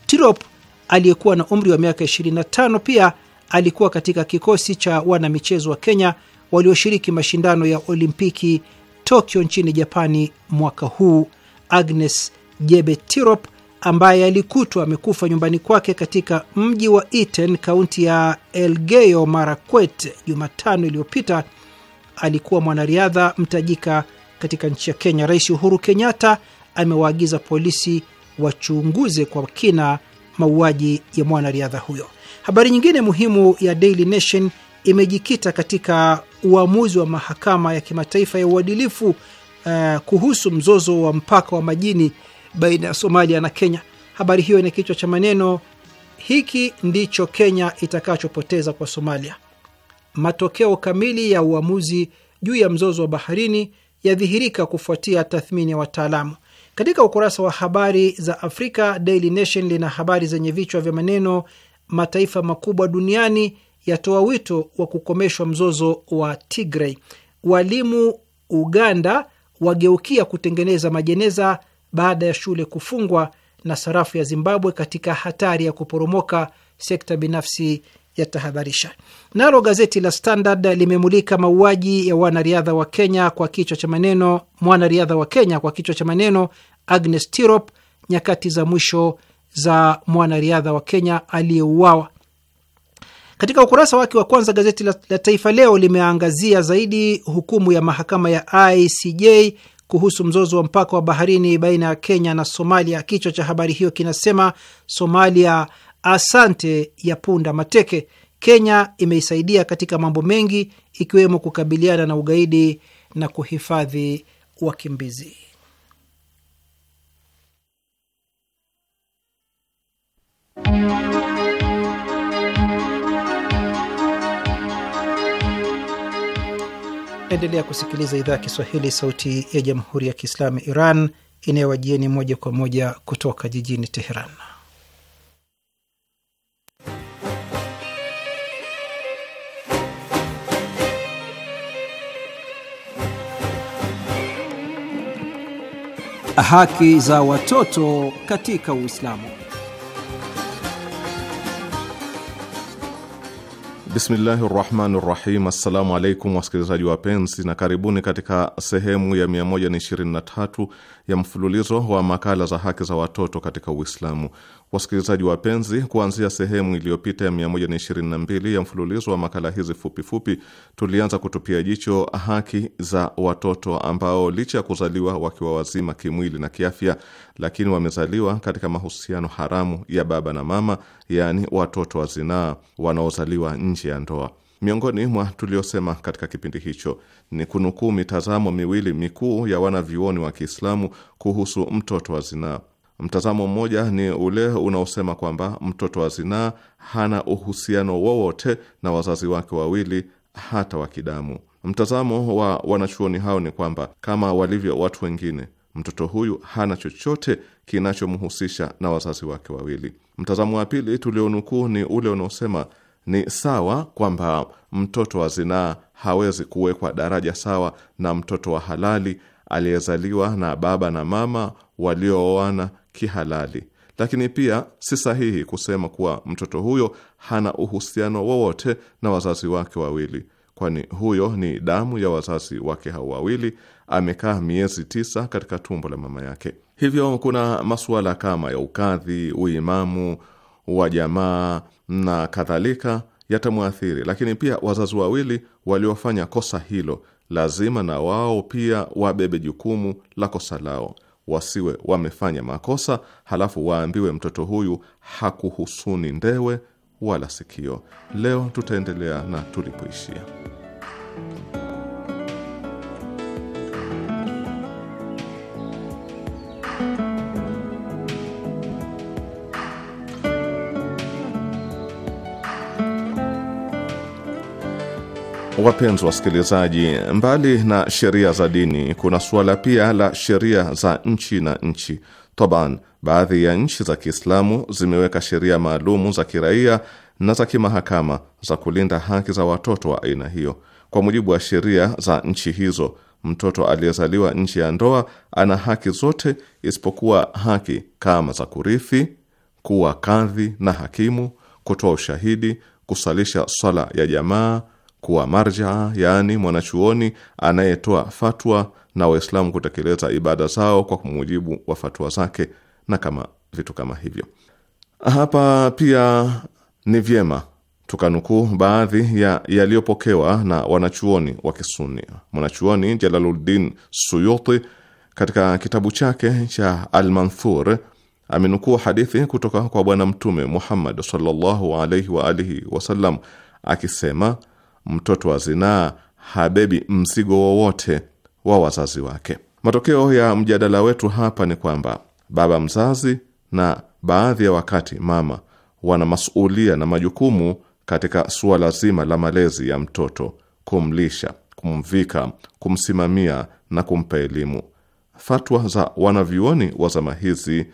Tirop aliyekuwa na umri wa miaka 25 pia alikuwa katika kikosi cha wanamichezo wa Kenya walioshiriki mashindano ya Olimpiki Tokyo nchini Japani mwaka huu. Agnes Jebetirop ambaye alikutwa amekufa nyumbani kwake katika mji wa Iten, kaunti ya Elgeyo Marakwet Jumatano iliyopita alikuwa mwanariadha mtajika katika nchi ya Kenya. Rais Uhuru Kenyatta amewaagiza polisi wachunguze kwa kina mauaji ya mwanariadha huyo. Habari nyingine muhimu ya Daily Nation imejikita katika uamuzi wa mahakama ya kimataifa ya uadilifu uh, kuhusu mzozo wa mpaka wa majini baina ya Somalia na Kenya. Habari hiyo ina kichwa cha maneno hiki ndicho Kenya itakachopoteza kwa Somalia. Matokeo kamili ya uamuzi juu ya mzozo wa baharini yadhihirika kufuatia tathmini ya wataalamu. Katika ukurasa wa habari za Afrika, Daily Nation lina habari zenye vichwa vya maneno mataifa makubwa duniani yatoa wito wa kukomeshwa mzozo wa Tigray, walimu Uganda wageukia kutengeneza majeneza baada ya shule kufungwa, na sarafu ya Zimbabwe katika hatari ya kuporomoka, sekta binafsi yatahabarisha. Nalo gazeti la Standard limemulika mauaji ya wanariadha wa Kenya kwa kichwa cha maneno, mwanariadha wa Kenya kwa kichwa cha maneno Agnes Tirop, nyakati za mwisho za mwanariadha wa Kenya aliyeuawa. Katika ukurasa wake wa kwanza gazeti la, la Taifa Leo limeangazia zaidi hukumu ya mahakama ya ICJ kuhusu mzozo wa mpaka wa baharini baina ya Kenya na Somalia. Kichwa cha habari hiyo kinasema Somalia asante ya punda mateke. Kenya imeisaidia katika mambo mengi ikiwemo kukabiliana na ugaidi na kuhifadhi wakimbizi. Endelea kusikiliza idhaa ya Kiswahili, sauti ya jamhuri ya kiislamu Iran inayowajieni moja kwa moja kutoka jijini Teheran. Haki za watoto katika Uislamu. Bismillahi rahmani rahim. Assalamu alaikum wasikilizaji wapenzi, na karibuni katika sehemu ya 123 ya mfululizo wa makala za haki za watoto katika Uislamu. Wasikilizaji wapenzi, kuanzia sehemu iliyopita ya 122 ya mfululizo wa makala hizi fupifupi fupi, tulianza kutupia jicho haki za watoto ambao licha ya kuzaliwa wakiwa wazima kimwili na kiafya, lakini wamezaliwa katika mahusiano haramu ya baba na mama, yaani watoto wa zinaa wanaozaliwa nje ya ndoa. Miongoni mwa tuliosema katika kipindi hicho ni kunukuu mitazamo miwili mikuu ya wanavyuoni wa Kiislamu kuhusu mtoto wa zinaa. Mtazamo mmoja ni ule unaosema kwamba mtoto wa zinaa hana uhusiano wowote na wazazi wake wawili hata wa kidamu. Mtazamo wa wanachuoni hao ni kwamba kama walivyo watu wengine, mtoto huyu hana chochote kinachomhusisha na wazazi wake wawili. Mtazamo wa pili tulionukuu ni ule unaosema ni sawa kwamba mtoto wa zinaa hawezi kuwekwa daraja sawa na mtoto wa halali aliyezaliwa na baba na mama waliooana kihalali. Lakini pia si sahihi kusema kuwa mtoto huyo hana uhusiano wowote na wazazi wake wawili, kwani huyo ni damu ya wazazi wake hao wawili. Amekaa miezi tisa katika tumbo la mama yake. Hivyo kuna masuala kama ya ukadhi, uimamu wa jamaa na kadhalika yatamwathiri, lakini pia wazazi wawili waliofanya kosa hilo lazima na wao pia wabebe jukumu la kosa lao. Wasiwe wamefanya makosa halafu waambiwe mtoto huyu hakuhusuni ndewe wala sikio. Leo tutaendelea na tulipoishia. Wapenzi wasikilizaji, mbali na sheria za dini, kuna suala pia la sheria za nchi na nchi taban. Baadhi ya nchi za Kiislamu zimeweka sheria maalumu za kiraia na za kimahakama za kulinda haki za watoto wa aina hiyo. Kwa mujibu wa sheria za nchi hizo, mtoto aliyezaliwa nje ya ndoa ana haki zote isipokuwa haki kama za kurithi, kuwa kadhi na hakimu, kutoa ushahidi, kusalisha swala ya jamaa kuwa marja, yaani mwanachuoni anayetoa fatwa na Waislamu kutekeleza ibada zao kwa mujibu wa fatwa zake na kama vitu kama hivyo. Hapa pia ni vyema tukanukuu baadhi ya yaliyopokewa na wanachuoni wa Kisuni. Mwanachuoni Jalaluddin Suyuti katika kitabu chake cha Almanthur amenukuu hadithi kutoka kwa Bwana Mtume Muhammad sallallahu alaihi wa alihi wasallam akisema mtoto wa zinaa habebi mzigo wowote wa wazazi wake. Matokeo ya mjadala wetu hapa ni kwamba baba mzazi na baadhi ya wakati mama wana masuulia na majukumu katika suala zima la malezi ya mtoto, kumlisha, kumvika, kumsimamia na kumpa elimu. Fatwa za wanavyuoni wa zama hizi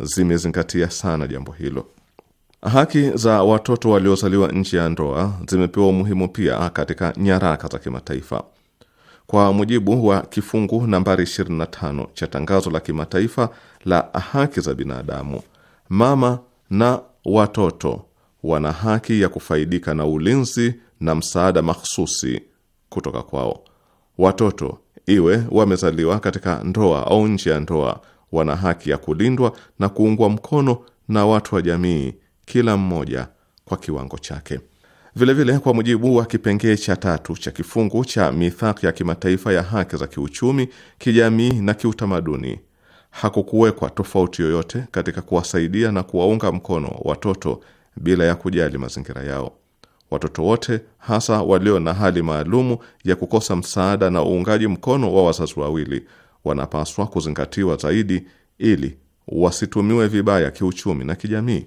zimezingatia sana jambo hilo. Haki za watoto waliozaliwa nje ya ndoa zimepewa umuhimu pia katika nyaraka za kimataifa. Kwa mujibu wa kifungu nambari 25 cha tangazo la kimataifa la haki za binadamu, mama na watoto wana haki ya kufaidika na ulinzi na msaada makhususi kutoka kwao. Watoto iwe wamezaliwa katika ndoa au nje ya ndoa, wana haki ya kulindwa na kuungwa mkono na watu wa jamii kila mmoja kwa kiwango chake. Vilevile vile, kwa mujibu wa kipengee cha tatu cha kifungu cha mithaki ya kimataifa ya haki za kiuchumi, kijamii na kiutamaduni, hakukuwekwa tofauti yoyote katika kuwasaidia na kuwaunga mkono watoto bila ya kujali mazingira yao. Watoto wote hasa walio na hali maalumu ya kukosa msaada na uungaji mkono wa wazazi wawili wanapaswa kuzingatiwa zaidi ili wasitumiwe vibaya kiuchumi na kijamii.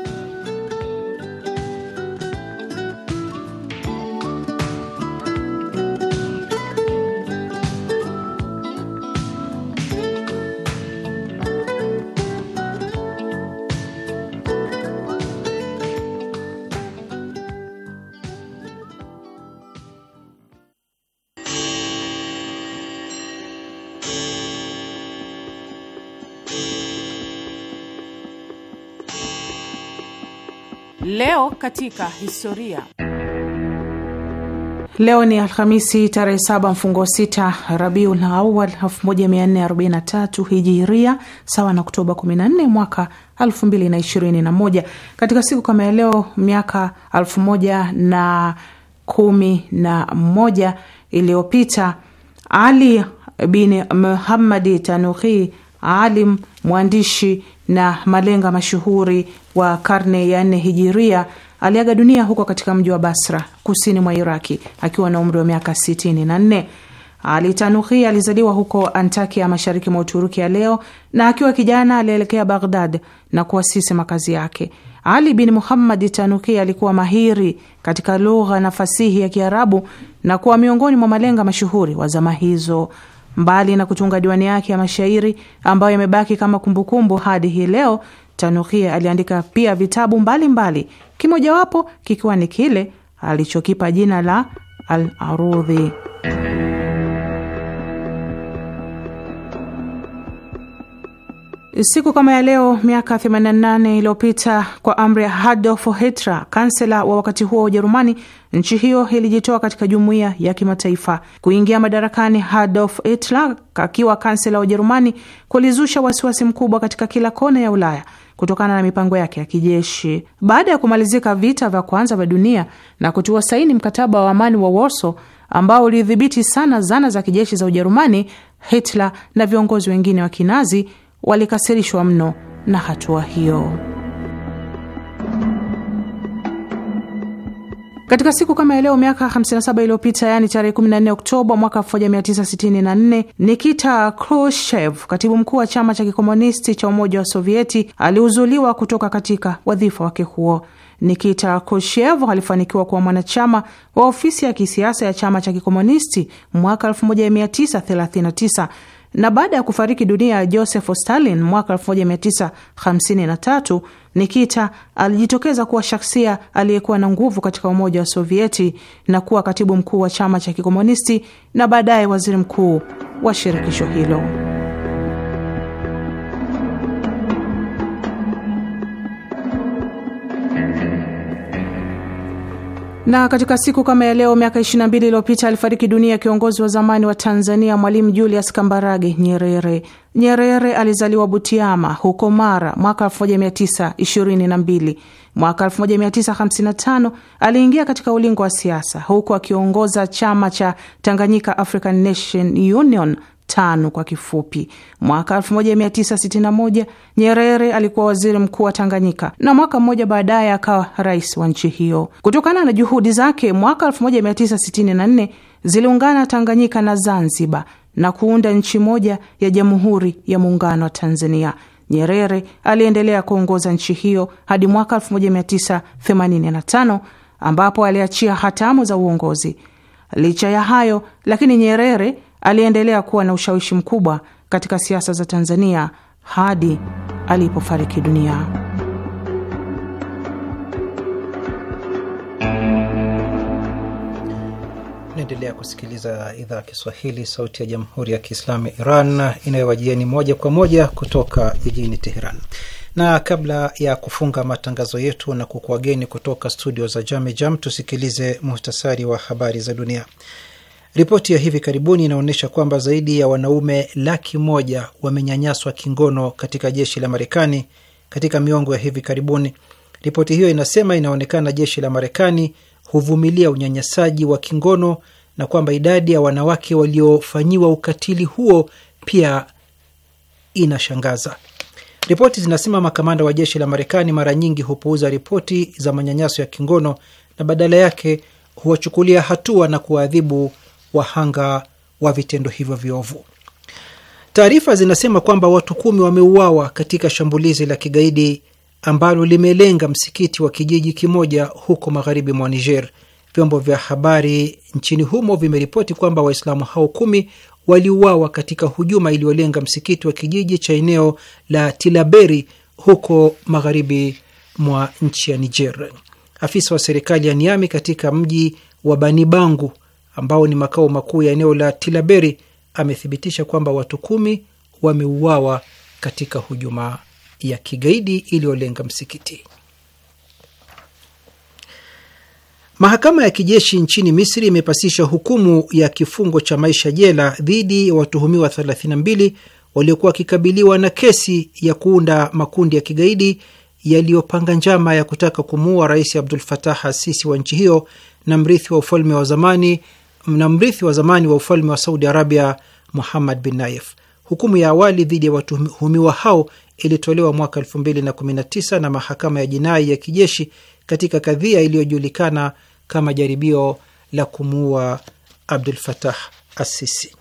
katika historia. Leo ni Alhamisi tarehe saba mfungo sita Rabiul Awal 1443 Hijiria, sawa na Oktoba 14 mwaka 2021. Katika siku kama ya leo miaka 1011 iliyopita Ali bin Muhammadi Tanuhi, alim mwandishi na malenga mashuhuri wa karne ya 4 Hijiria aliaga dunia huko katika mji wa Basra kusini mwa Iraki akiwa na umri wa miaka 64. Ali Tanuhi alizaliwa huko Antakia, mashariki mwa Uturuki ya leo, na akiwa kijana alielekea Baghdad na kuasisi makazi yake. Ali bin Muhammad Tanuki alikuwa mahiri katika lugha na fasihi ya Kiarabu na kuwa miongoni mwa malenga mashuhuri wa zama hizo. Mbali na kutunga diwani yake ya mashairi ambayo yamebaki kama kumbukumbu hadi hii leo, Tanuhi aliandika pia vitabu mbalimbali, kimojawapo kikiwa ni kile alichokipa jina la Al Arudhi. Siku kama ya leo miaka 88 iliyopita kwa amri ya Adolf Hitler, kansela wa wakati huo wa Ujerumani, nchi hiyo ilijitoa katika jumuiya ya kimataifa. Kuingia madarakani Adolf Hitler akiwa kansela wa Ujerumani kulizusha wasiwasi mkubwa katika kila kona ya Ulaya kutokana na mipango yake ya kijeshi. Baada ya kumalizika vita vya kwanza vya dunia na kutiwa saini mkataba wa amani wa Warsaw ambao ulidhibiti sana zana za kijeshi za Ujerumani, Hitler na viongozi wengine wa Kinazi walikasirishwa mno na hatua hiyo. Katika siku kama ya leo miaka 57 iliyopita, yaani tarehe 14 Oktoba mwaka 1964, Nikita Khrushchev, katibu mkuu wa chama cha kikomunisti cha Umoja wa Sovieti, aliuzuliwa kutoka katika wadhifa wake huo. Nikita Khrushchev alifanikiwa kuwa mwanachama wa ofisi ya kisiasa ya chama cha kikomunisti mwaka 1939 na baada ya kufariki dunia ya Joseph Stalin mwaka 1953, Nikita alijitokeza kuwa shaksia aliyekuwa na nguvu katika Umoja wa Sovieti na kuwa katibu mkuu wa chama cha Kikomunisti na baadaye waziri mkuu wa shirikisho hilo. Na katika siku kama ya leo miaka 22 iliyopita alifariki dunia kiongozi wa zamani wa Tanzania Mwalimu Julius Kambarage Nyerere. Nyerere alizaliwa Butiama huko Mara mwaka 1922. Mwaka 1955 aliingia katika ulingo wa siasa huku akiongoza chama cha Tanganyika African Nation Union tano kwa kifupi. Mwaka 1961 Nyerere alikuwa waziri mkuu wa Tanganyika na mwaka mmoja baadaye akawa rais wa nchi hiyo. Kutokana na juhudi zake, mwaka 1964 ziliungana Tanganyika na Zanzibar na kuunda nchi moja ya Jamhuri ya Muungano wa Tanzania. Nyerere aliendelea kuongoza nchi hiyo hadi mwaka 1985 ambapo aliachia hatamu za uongozi. Licha ya hayo, lakini Nyerere aliendelea kuwa na ushawishi mkubwa katika siasa za Tanzania hadi alipofariki dunia. Naendelea kusikiliza idhaa ya Kiswahili, sauti ya jamhuri ya kiislamu ya Iran inayowajieni moja kwa moja kutoka jijini Teheran. Na kabla ya kufunga matangazo yetu na kukuwageni kutoka studio za Jamejam, tusikilize muhtasari wa habari za dunia. Ripoti ya hivi karibuni inaonyesha kwamba zaidi ya wanaume laki moja wamenyanyaswa kingono katika jeshi la Marekani katika miongo ya hivi karibuni. Ripoti hiyo inasema inaonekana jeshi la Marekani huvumilia unyanyasaji wa kingono na kwamba idadi ya wanawake waliofanyiwa ukatili huo pia inashangaza. Ripoti zinasema makamanda wa jeshi la Marekani mara nyingi hupuuza ripoti za manyanyaso ya kingono na badala yake huwachukulia hatua na kuwaadhibu wahanga wa vitendo hivyo viovu. Taarifa zinasema kwamba watu kumi wameuawa katika shambulizi la kigaidi ambalo limelenga msikiti wa kijiji kimoja huko magharibi mwa Niger. Vyombo vya habari nchini humo vimeripoti kwamba Waislamu hao kumi waliuawa katika hujuma iliyolenga msikiti wa kijiji cha eneo la Tilaberi huko magharibi mwa nchi ya Niger. Afisa wa serikali ya Niami katika mji wa Banibangu ambao ni makao makuu ya eneo la Tilaberi amethibitisha kwamba watu kumi wameuawa katika hujuma ya kigaidi iliyolenga msikiti. Mahakama ya kijeshi nchini Misri imepasisha hukumu ya kifungo cha maisha jela dhidi ya watuhumiwa 32 waliokuwa wakikabiliwa na kesi ya kuunda makundi ya kigaidi yaliyopanga njama ya kutaka kumuua Rais Abdul Fatah Asisi wa nchi hiyo na mrithi wa ufalme wa zamani na mrithi wa zamani wa ufalme wa Saudi Arabia, Muhammad bin Naif. Hukumu ya awali dhidi ya watuhumiwa hao ilitolewa mwaka 2019 na mahakama ya jinai ya kijeshi katika kadhia iliyojulikana kama jaribio la kumuua Abdul Fatah Assisi.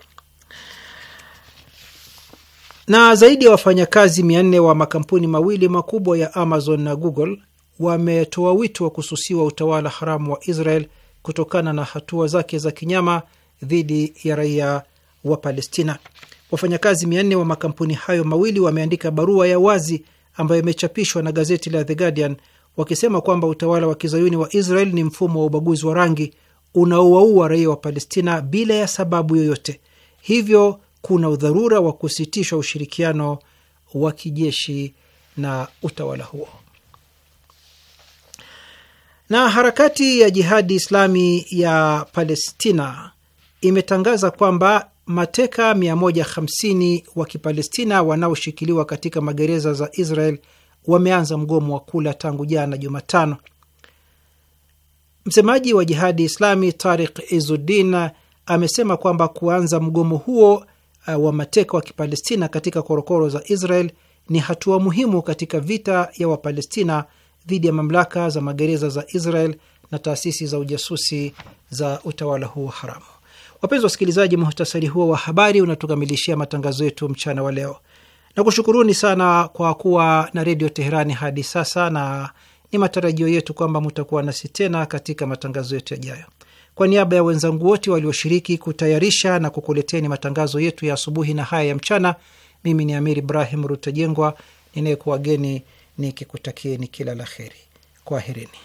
Na zaidi ya wafanyakazi 400 wa makampuni mawili makubwa ya Amazon na Google wametoa wito wa kususiwa utawala haramu wa Israel kutokana na hatua zake za kinyama dhidi ya raia wa Palestina. Wafanyakazi mia nne wa makampuni hayo mawili wameandika barua ya wazi ambayo imechapishwa na gazeti la The Guardian wakisema kwamba utawala wa kizayuni wa Israel ni mfumo wa ubaguzi wa rangi unaowaua raia wa Palestina bila ya sababu yoyote, hivyo kuna udharura wa kusitishwa ushirikiano wa kijeshi na utawala huo. Na harakati ya Jihadi Islami ya Palestina imetangaza kwamba mateka 150 wa Kipalestina wanaoshikiliwa katika magereza za Israel wameanza mgomo wa kula tangu jana Jumatano. Msemaji wa Jihadi Islami Tariq Izuddin amesema kwamba kuanza mgomo huo uh, wa mateka wa Kipalestina katika korokoro za Israel ni hatua muhimu katika vita ya Wapalestina dhidi ya mamlaka za magereza za Israel na taasisi za ujasusi za utawala huo haramu. Wapenzi wasikilizaji, muhtasari huo wa habari unatukamilishia matangazo yetu mchana wa leo. Nakushukuruni sana kwa kuwa na Redio Teherani hadi sasa, na ni matarajio yetu kwamba mutakuwa nasi tena katika matangazo yetu yajayo. Kwa niaba ya wenzangu wote walioshiriki kutayarisha na kukuleteni matangazo yetu ya asubuhi na haya ya mchana, mimi ni Amir Ibrahim Rutajengwa ninayekuwageni nikikutakieni kila la heri. Kwaherini.